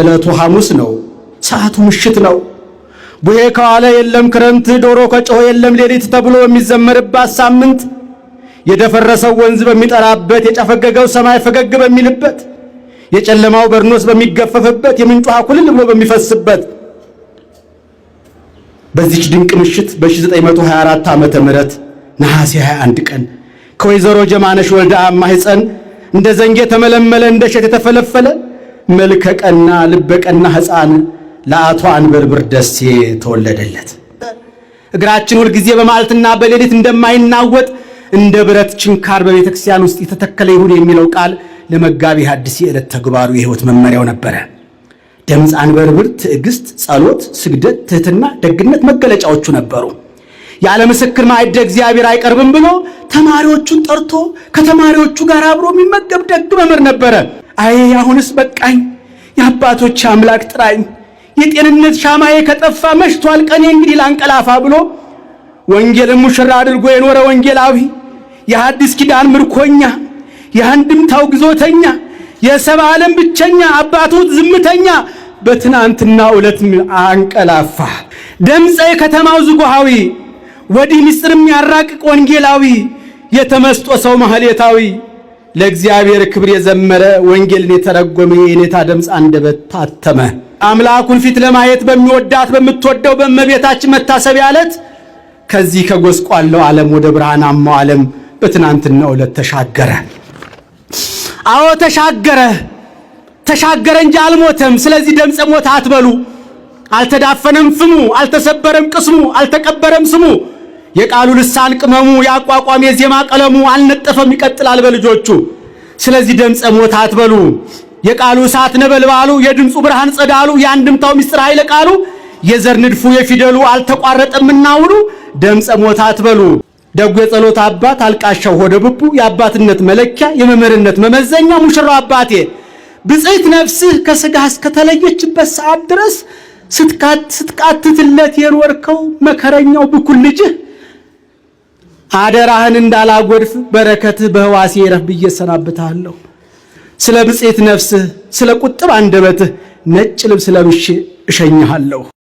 ዕለቱ ሐሙስ ነው። ሰዓቱ ምሽት ነው። ቡሄ ከዋለ የለም ክረምት፣ ዶሮ ከጮኸ የለም ሌሊት ተብሎ በሚዘመርባት ሳምንት የደፈረሰው ወንዝ በሚጠራበት፣ የጨፈገገው ሰማይ ፈገግ በሚልበት፣ የጨለማው በርኖስ በሚገፈፍበት፣ የምንጩ ኩልል ብሎ በሚፈስበት በዚች ድንቅ ምሽት በ924 ዓመተ ምህረት ነሐሴ 21 ቀን ከወይዘሮ ጀማነሽ ወልደ አማ እንደ ዘንጌ የተመለመለ እንደ እሸት የተፈለፈለ መልከቀና ልበቀና ሕፃን ለአቶ አንበርብር ደሴ ተወለደለት። እግራችን ሁልጊዜ በማለትና በሌሊት እንደማይናወጥ እንደ ብረት ችንካር በቤተ ክርስቲያን ውስጥ የተተከለ ይሁን የሚለው ቃል ለመጋቢ ሐዲስ የዕለት ተግባሩ የሕይወት መመሪያው ነበረ። ደምፅ አንበርብር ትዕግሥት፣ ጸሎት፣ ስግደት፣ ትህትና ደግነት መገለጫዎቹ ነበሩ። ያለ ምስክር ማዕደ እግዚአብሔር አይቀርብም ብሎ ተማሪዎቹን ጠርቶ ከተማሪዎቹ ጋር አብሮ የሚመገብ ደግ መምህር ነበረ። አይ አሁንስ በቃኝ፣ የአባቶች አምላክ ጥራኝ፣ የጤንነት ሻማዬ ከጠፋ መሽቷል፣ ቀኔ እንግዲህ ላንቀላፋ ብሎ ወንጌልን ሙሽራ አድርጎ የኖረ ወንጌላዊ የሐዲስ ኪዳን ምርኮኛ፣ የአንድምታው ግዞተኛ፣ የሰብ ዓለም ብቸኛ፣ አባቱ ዝምተኛ በትናንትና ዕለት አንቀላፋ። ደምፀ የከተማው ዝጉሃዊ ወዲህ ምስጥር የሚያራቅቅ ወንጌላዊ የተመስጦ ሰው ማህሌታዊ ለእግዚአብሔር ክብር የዘመረ ወንጌልን የተረጎመ የኔታ ድምፅ አንደበት ታተመ። አምላኩን ፊት ለማየት በሚወዳት በምትወደው በእመቤታችን መታሰቢያ ዕለት ከዚህ ከጎስቋለው ዓለም ወደ ብርሃናማው ዓለም በትናንትናው ዕለት ተሻገረ። አዎ ተሻገረ፣ ተሻገረ እንጂ አልሞተም። ስለዚህ ደምፀ ሞት አትበሉ። አልተዳፈነም ፍሙ፣ አልተሰበረም ቅስሙ፣ አልተቀበረም ስሙ የቃሉ ልሳን ቅመሙ የአቋቋም የዜማ ቀለሙ አልነጠፈም ይቀጥላል በልጆቹ። ስለዚህ ደምፀ ሞት አትበሉ። የቃሉ እሳት ነበልባሉ የድምፁ ብርሃን ጸዳሉ የአንድምታው ምስጢር ኃይለ ቃሉ የዘር ንድፉ የፊደሉ አልተቋረጠምና ውሉ ደምፀ ሞት አትበሉ። ደጉ የጸሎት አባት አልቃሻው ሆደ ብቡ የአባትነት መለኪያ የመምህርነት መመዘኛ ሙሽራው አባቴ ብጽሕት ነፍስህ ከስጋ እስከተለየችበት ሰዓት ድረስ ስትቃትትለት የኖርከው መከረኛው ብኩል ልጅህ አደራህን እንዳላጎድፍ በረከትህ በህዋሴ ረፍ ብዬ እሰናብትሃለሁ። ስለ ብጽዕት ነፍስህ፣ ስለ ቁጥብ አንደበትህ ነጭ ልብስ ለብሼ እሸኝሃለሁ።